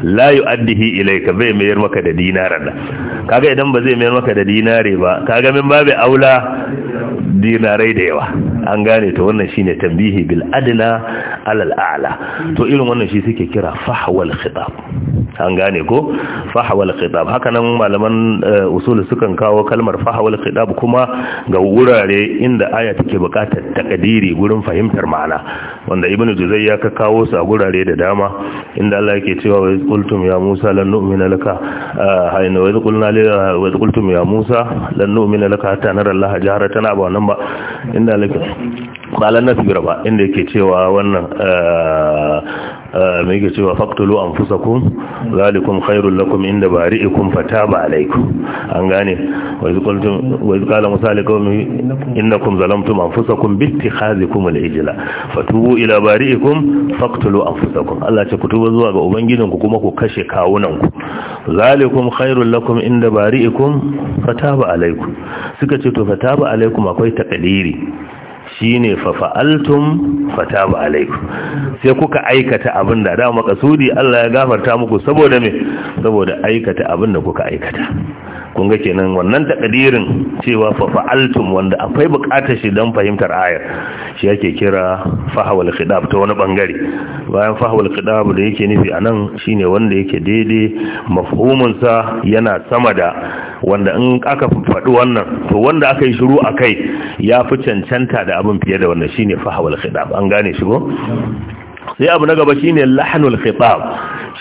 la yu'addihi ilayka bai mayar maka da dinara da kaga idan ba zai mayar maka da dinare ba kaga min babu aula dinarai da yawa an gane ta wannan shine tambihi bil adna alal a'la to irin wannan shi suke kira fahwal khitab an gane ko fahawal khitab hakanan malaman eh, usul sukan kawo kalmar fahawal khitab kuma ga wurare inda aya take bukatar takadiri gurin fahimtar ma'ana wanda ibnu juzay ya ka kawo su a gurare da dama inda Allah yake cewa wa qultum ya Musa lan nu'mina laka eh, hayna wa qulna li wa qultum ya Musa lan nu'mina laka hatta nara Allah jaharatan ba nan ba inda Allah ƙalar nasibir ba inda yake cewa wannan eh, eh, mai yake cewa faktulu an fusa kun zalikun khairun lakum inda bari ikun fata ba alaikum an gane wai kala misali kawai inda kun zalamtum an fusa kun bitti hazi kuma da ijila fatubu ila bari ikun faktulu an fusa kun Allah ce ku tuba zuwa ga ubangijinku kuma ku kashe kawunanku zalikun khairun lakum inda bari ikun fata ba alaikum suka ce to fata ba alaikum akwai takadiri shine fa fata fataba alaikun sai kuka aikata abin da da makasudi Allah ya gafarta muku saboda me saboda aikata abin da kuka aikata kun ga kenan wannan takadirin cewa fa fa'altum wanda akwai bukatar shi don fahimtar ayar shi yake kira fahawal khidab ta wani bangare bayan fahawal khidab da yake nufi anan shine wanda yake daidai mafhumin sa yana sama da wanda in aka faɗi wannan to wanda aka yi shiru akai ya fi cancanta da abin fiye da wannan shine fahawal khidab an gane shi ko sai abu na gaba shine lahanul khidab.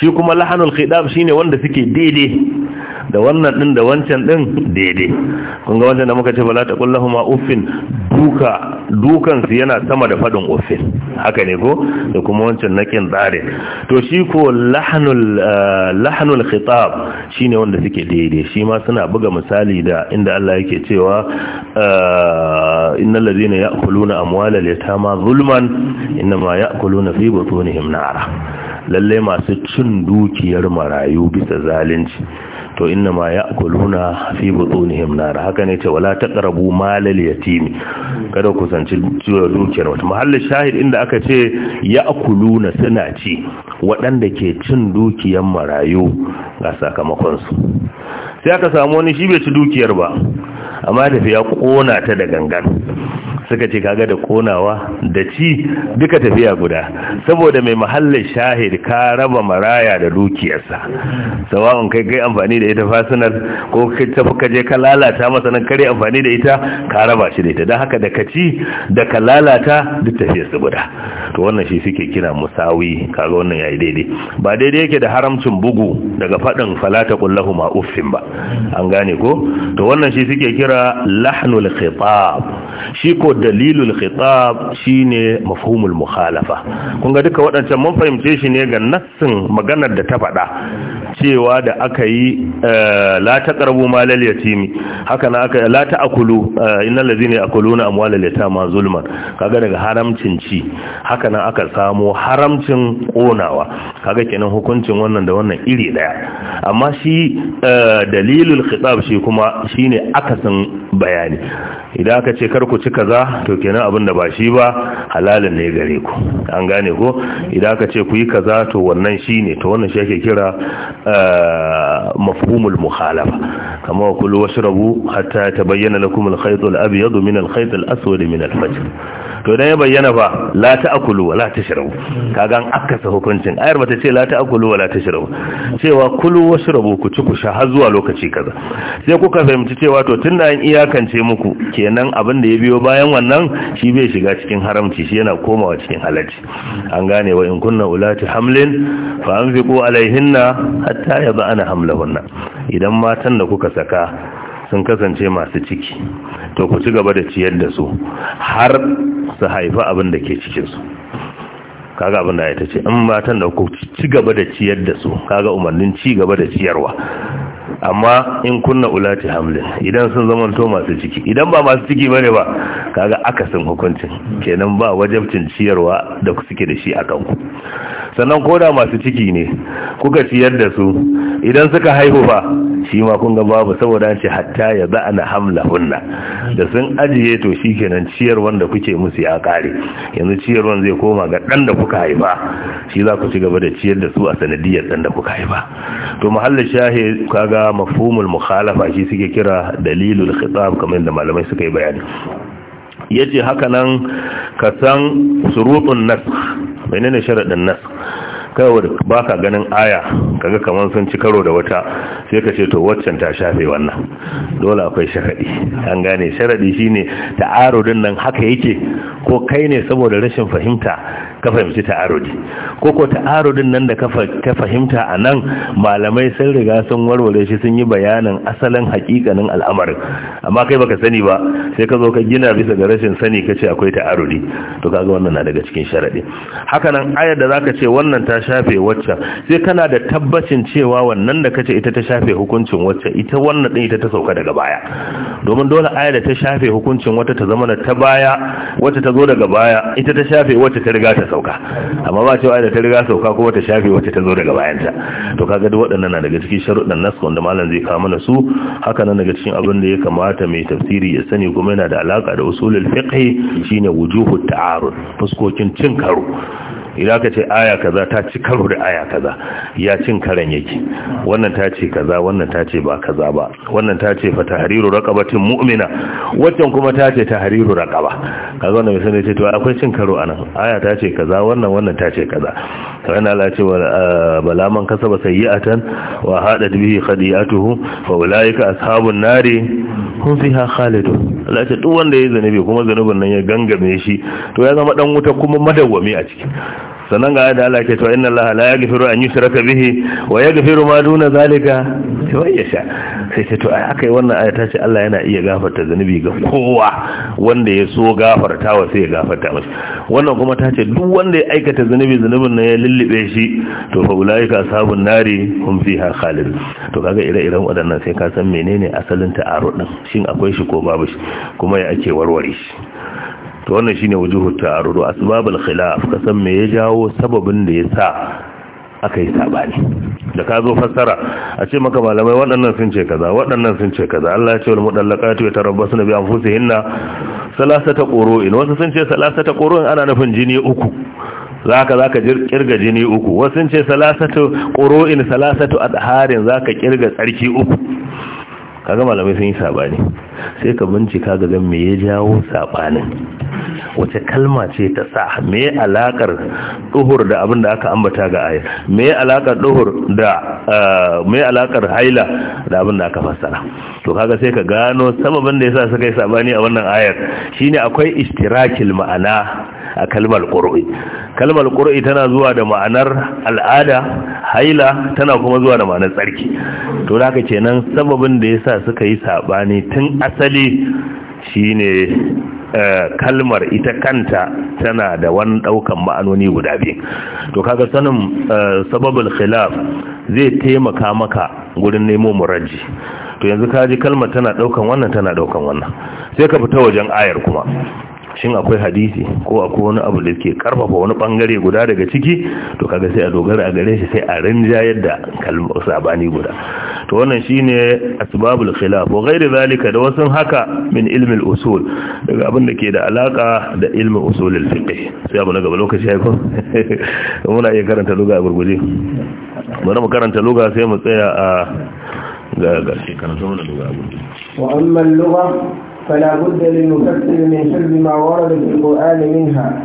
shi kuma lahanul khidab shine wanda suke daidai da wannan din da wancan din daidai kun ga wancan da muka ce bala ta kullahu ma uffin duka dukan su yana sama da fadin uffin haka ne ko da kuma wancan nakin tsare to shi ko lahnul eh, lahnul khitab shine wanda suke daidai shi ma suna buga misali da inda Allah yake cewa eh, innal ladina ya'kuluna amwalal yatama zulman inma ya'kuluna fi butunihim nara lalle masu cin dukiyar marayu bisa zalunci to inna ma kuluna fi butunihim nar haka ne ce wala taqrabu malal yatimi kada ku sanci dukiyar wata mahallin shahid inda aka ce ya ya'kuluna suna ci waɗanda ke cin dukiyar marayu ga sakamakonsu. sai aka samu wani shi bai ci dukiyar ba amma da ya kona ta da gangan suka ce kaga da konawa da ci duka tafiya guda saboda mai mahallin shahid ka raba maraya da dukiyarsa sawa'un kai kai amfani da ita fasinar ko kai tafi ka je ka lalata masa nan kare amfani da ita ka raba shi da ita don haka da ka ci da ka lalata duk tafiya su guda to wannan shi suke kira musawi kaga wannan yayi daidai ba daidai yake da haramcin bugu daga fadin falata kullahu ma uffin ba an gane ko to wannan shi suke kira lahnul khitab shi ko dalilul khitab shine mafhumul mukhalafa kun ga duka waɗancan mun fahimce shi ne ga nassin maganar da ta faɗa cewa da aka yi eh, la ta taqrabu malal yatimi haka na aka la akulu eh, innal ladzina ya'kuluna amwalal yatama zulman kaga daga haramcin ci haka na aka samo haramcin konawa kaga kenan hukuncin wannan da wannan iri daya amma shi eh, dalilul khitab shi kuma shine akasin bayani idan aka ce kar ku ci kaza to kenan abin da ba shi ba halalin ne gare ku an gane ko idan ka ce ku yi kaza to wannan shi ne to wannan shi ake kira eh, mafhumul mukhalafa kama kullu washrabu hatta tabayyana lakum al-khayt al-abyad min al-khayt al-aswad min al-fajr to dan ya bayyana fa la ta'kulu wa la tashrabu kaga an akasa hukuncin ayar bata ce la ta'kulu wa la tashrabu cewa kulu shrabu ku ci ku sha har zuwa lokaci kaza sai kuka fahimci cewa to tun da an iyakance muku kenan abin da ya biyo bayan wannan shi bai shiga cikin haramci shi yana komawa cikin halacci an gane wa in kunna ulati hamlin fa anfiqu alaihinna hatta yab'ana hamlahunna idan matan da kuka saka sun kasance masu ciki to ku ci gaba da ciyar da su har su haifi abin da ke cikinsu kaga abin da ya ta in matan da ku ci gaba da ciyar da su kaga umarnin ci gaba da ciyarwa amma in kunna ulati hamlin idan sun zama to masu ciki idan ba masu ciki bane ba kaga akasin hukuncin kenan ba wajabcin ciyarwa da ku suke da shi a kanku sannan koda masu ciki ne kuka ciyar da su idan suka haihu ba shi ma kun ga babu saboda ce hatta ya za'ana hamlahunna da sun ajiye to shikenan ciyar wanda kuke musu ya kare yanzu ciyarwan zai koma ga dan da kuka haifa shi za ku ci gaba da ciyar da su a sanadiyar dan da kuka haifa to mahallin shahi kaga mafhumul mukhalafa shi suke kira dalilul khitab kamar da malamai suka yi bayani yace haka nan ka san surutun nas menene sharadin nas kawai ba ka ganin aya kaga kamar sun ci karo da wata sai ka ce to waccan ta shafe wannan dole akwai sharadi an gane sharadi shine ta'arudin nan haka yake ko kai ne saboda rashin fahimta ka fahimci ta'arudi ko ko ta'arudin nan da ka fahimta a nan malamai sun riga sun warware shi sun yi bayanin asalin hakikanin al'amarin amma kai baka sani ba sai ka zo ka gina bisa ga rashin sani ka ce akwai ta'arudi to kaga wannan na daga cikin sharaɗi haka nan ayar da zaka ce wannan ta shafe wacce sai kana da tabbacin cewa wannan da kace ita ta shafe hukuncin wacce ita wannan din ita ta sauka daga baya domin dole ayar da ta shafe hukuncin wata ta zama ta baya wacce ta zo daga baya ita ta shafe wacce ta riga ta sauka amma ba cewa da ta riga sauka kuma ta shafe wacce ta zo daga bayanta to kaga duk waɗannan na daga cikin sharuɗan nas da malam zai kawo mana su haka nan daga cikin abin da ya kamata mai tafsiri ya sani kuma yana da alaka da usulul fiqh shine wujuhu ta'arud fuskokin cin karo idan ka ce aya kaza ta ci karo da aya kaza ya cin karen yake wannan ta ce kaza wannan ta ce ba kaza ba wannan ta ce fa tahriru raqabatin mu'mina wannan kuma ta ce tahriru raqaba kaza wannan misali ce to akwai cin karo anan aya ta ce kaza wannan wannan ta ce kaza ina Allah ce ah, balaman kasaba sayyi'atan wa hadat bihi khadi'atuhu fa ulaika ashabun nari kun fi ha khalidu Allah ya ce duk wanda ya zanabi kuma zanubin nan ya gangame shi to ya zama dan wuta kuma madawwami a ciki sannan ga ayat Allah ke to inna Allah la yaghfiru an yushraka bihi wa yaghfiru ma duna zalika to ya sha sai ce to akai wannan ayata ce Allah yana iya gafarta zanubi ga kowa wanda ya so gafarta wa sai ya gafarta masa wannan kuma ta ce duk wanda ya aikata zanubi zanubin nan ya lullube shi to fa ulaika sabun nari hum fiha khalid to kaga ire-iren waɗannan sai ka san menene asalin aro din shin akwai shi ko babu shi kuma ya ake warware shi to wannan shine wujuhu ta'arudu asbabul khilaf kasan me ya jawo sababin da yasa aka yi sabani da ka zo fassara a ce maka malamai waɗannan sun ce kaza waɗannan sun ce kaza Allah ya ce wal mudallaqatu tarabbasu bi anfusihinna salasata in wasu sun ce salasata qurun ana nufin jini uku zaka zaka kirga jini uku wasu sun ce salasatu in salasatu adharin zaka kirga tsarki uku kaga malamai sun yi sabani sai ka bincika ga gan me ya jawo sabanin wace kalma ce ta sa me alakar duhur da abin da aka ambata ga aya me alakar duhur da eh, me alakar haila da abin da aka fassara to kaga sai ka gano sababin da yasa suka yi sabani a wannan ayar shine akwai istirakil ma'ana a kalmar ƙur'i kalmar ƙur'i tana zuwa da ma'anar al'ada haila tana kuma zuwa da ma'anar tsarki to da haka nan sababin da yasa suka yi saɓani tun asali shine eh, kalmar ita kanta tana da wani daukan ma'anoni guda to kaga sanin eh, sababul khilaf zai taimaka maka gurin nemo muraji to yanzu kaji kalmar tana daukan wannan tana daukan wannan sai ka fita wajen ayar kuma shin akwai hadisi ko akwai wani abu da ke karfafa wani bangare guda daga ciki to kaga sai a dogara a gare shi sai a rinjayar da kalmar sabani guda to wannan shine asbabul khilaf wa ghairi zalika da wasun haka min ilmin usul daga abin da ke da alaka da ilmin al fiqh sai abu na gaba lokaci ai ko muna iya karanta lugha a gurguje muna mu karanta lugha sai mu tsaya a ga ga shi karanta mana lugha a gurguje wa amma lugha فلا بد للمفسر من حفظ ما ورد في القرآن منها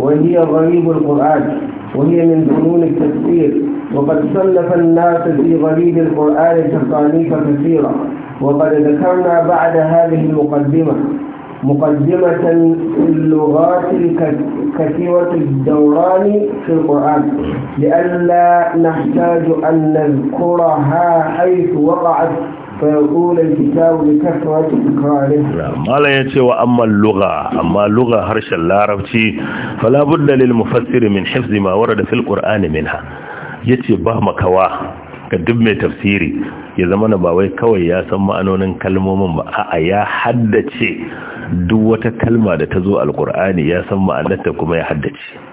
وهي غريب القرآن وهي من فنون التفسير وقد صنف الناس في غريب القرآن تصانيف كثيرة وقد ذكرنا بعد هذه المقدمة مقدمة اللغات الكثيرة الدوران في القرآن لئلا نحتاج أن نذكرها حيث وقعت malam ya ce wa amman luga amma luga harshen larabci falabun dalil mufassiri min hifzi da fil ƙur'ani min ha ya ce ba makawa ga duk mai tafsiri ya zama na bawai kawai ya san ma'anonin kalmomin ba a ya haddace duk wata kalma da ta zo Alƙur'ani ya san ma'anarta kuma ya haddace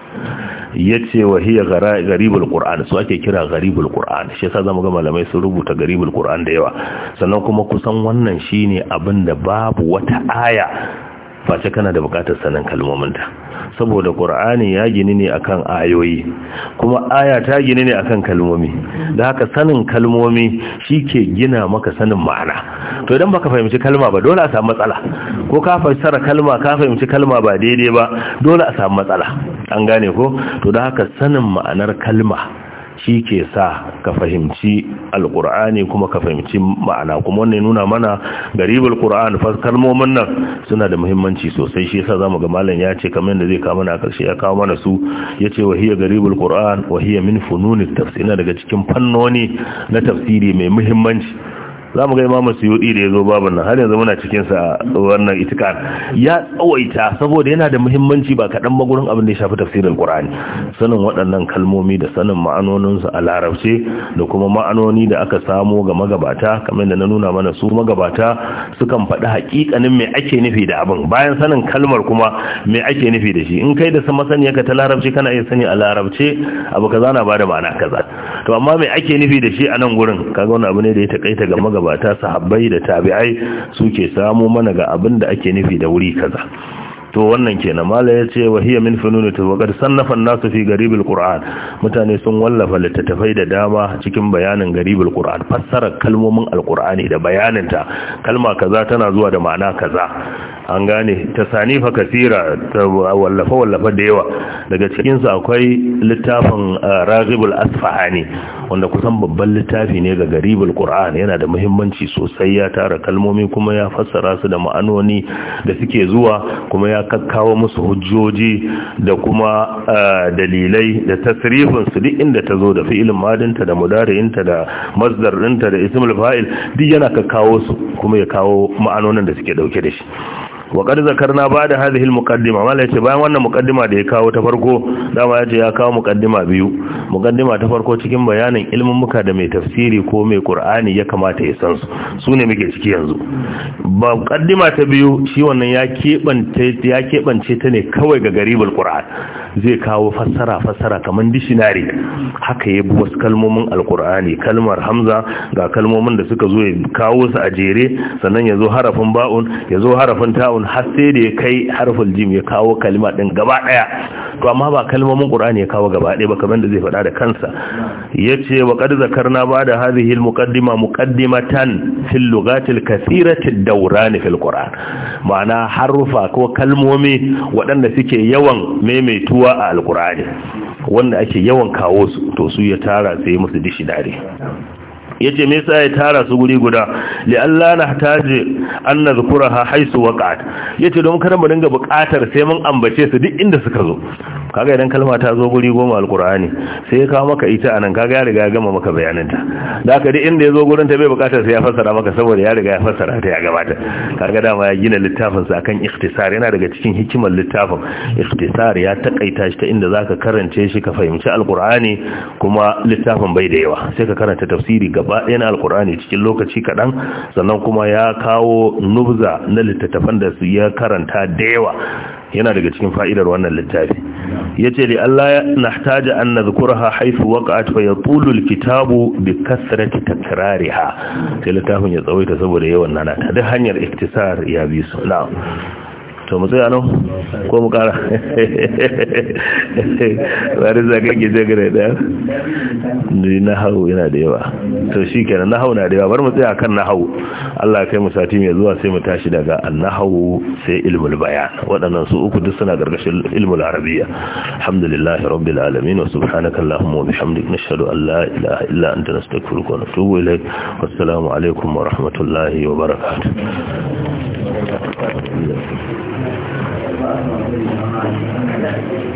ya ce wa hiya garibul ƙur'an su ake kira garibul ƙur'an, shi yasa zamu ga malamai sun rubuta garibul ƙur'an da yawa sannan kuma kusan wannan shine abin da babu wata aya face kana da bukatar sanin kalmominta saboda qur'ani ya gini ne akan ayoyi kuma aya ta gini ne akan kalmomi da haka sanin kalmomi shike gina maka sanin ma'ana to idan baka fahimci kalma ba dole a samu matsala ko ka fassara kalma ka fahimci kalma ba daidai ba dole a samu matsala an gane ko to da haka sanin ma'anar kalma shi ke sa ka fahimci alkur'ani kuma ka fahimci ma'ana kuma wannan nuna mana garibul qur'an fas kalmomin nan suna da muhimmanci sosai shi yasa zamu ga malam ya ce kamar yadda zai kawo mana karshe ya kawo mana su yace wa hiya garibul qur'an wa hiya min fununit tafsir daga cikin fannoni na tafsiri mai muhimmanci za mu ga imamu yi da ya zo babin nan har yanzu muna cikinsa a wannan itikar ya tsawaita saboda yana da muhimmanci ba kaɗan magurin abin da ya shafi tafsirin ƙur'ani sanin waɗannan kalmomi da sanin ma'anoninsu a larabce da kuma ma'anoni da aka samo ga magabata kamar da na nuna mana su magabata sukan faɗi haƙiƙanin me ake nufi da abin bayan sanin kalmar kuma me ake nufi da shi in kai da sama sani ka ta larabce kana iya sani a larabce abu kaza na bada ma'ana kaza to amma mai ake nufi da shi a nan gurin kaga wani abu ne da ya takaita ga magabata sahabbai da tabi'ai suke samu mana ga abin da ake nufi da wuri kaza to wannan kenan mala ya ce wa hiya min fununati wa qad sannafa nasu fi garibil qur'an mutane sun wallafa littattafai da dama cikin bayanin garibil qur'an fassara kalmomin alqur'ani da bayanin ta kalma kaza tana zuwa da ma'ana kaza an gane ta sanifa kasira ta wallafa wallafa da yawa daga cikin su akwai littafin uh, ragibul asfahani wanda kusan babban littafi ne ga garibul qur'an yana da muhimmanci sosai ya tara kalmomi kuma ya fassara su da ma'anoni da suke zuwa kuma ya kakkawo musu hujjoji da kuma dalilai da tasrifin su duk inda ta zo da fi'ilin madinta da mudari'inta da masdar ɗinta da ismul fa'il duk yana kakkawo su kuma ya kawo ma'anonin da suke dauke da shi wa zakar na ba'da hadhihi al-muqaddima mala yace bayan wannan muqaddima da ya kawo ta farko dama yace ya kawo muqaddima biyu muqaddima ta farko cikin bayanin ilmin muka da mai tafsiri ko mai qur'ani ya kamata ya san su sune muke ciki yanzu ba muqaddima ta biyu shi wannan ya kebance ya kebance ta ne kawai ga al qur'an zai kawo fassara fassara kaman dictionary haka yabi wasu kalmomin alqur'ani kalmar hamza ga kalmomin da suka zo ya kawo su a jere sannan ya zo harafin ba'un ya zo harafin ta'un ta'un har sai da ya kai harful jim ya kawo kalma din gaba daya to amma ba kalmomin qur'ani ya kawo gaba daya ba kamar da zai faɗa da kansa yace wa qad zakarna ba'da hadhihi al-muqaddima muqaddimatan fil lughati al-kathirati ad-dawran fil qur'an ma'ana harufa ko kalmomi waɗanda suke yawan maimaituwa a al-qur'ani wanda ake yawan kawo su to su ya tara sai musu dishi dare yace me yasa ya tara su guri guda li alla na an nazkuraha haisu waqat yace don kada mu dinga buƙatar sai mun ambace su duk inda suka zo kaga idan kalma ta zo guri goma alqur'ani sai ka maka ita anan kaga ya riga ya gama maka bayananta da aka duk inda ya zo gurin ta bai buƙatar sai ya fassara maka saboda ya riga ya fassara ta ya gabata kaga dama ya gina littafin sa akan ikhtisar yana daga cikin hikimar littafin ikhtisar ya takaita shi ta inda zaka karance shi ka fahimci alqur'ani kuma littafin bai da yawa sai ka karanta tafsiri gaba gaba ɗaya na alkur'ani cikin lokaci kaɗan sannan kuma ya kawo nubza na littattafan da su ya karanta da yawa yana daga cikin fa'idar wannan littafi ya ce Allah na taja an na zukurha haifu waƙa'at fa ya tulu kitabu bi kasrati takrariha sai littafin ya tsawaita saboda yawan nana ta duk hanyar iktisar ya bi su na'am to mu tsaya nan ko mu kara bari zaka ke gare da ni na hawo yana da yawa to shikenan na hawo na da yawa bar mu tsaya kan na hawo Allah ya kai mu sati mai zuwa sai mu tashi daga annahu sai ilmul bayan waɗannan su uku duk suna gargashin ilmul arabiyya alhamdulillahi rabbil alamin wa subhanaka allahumma wa bihamdika nashhadu an la ilaha illa anta nastaghfiruka wa natubu ilayk wassalamu alaikum wa rahmatullahi wa barakatuh الله عليه وسلم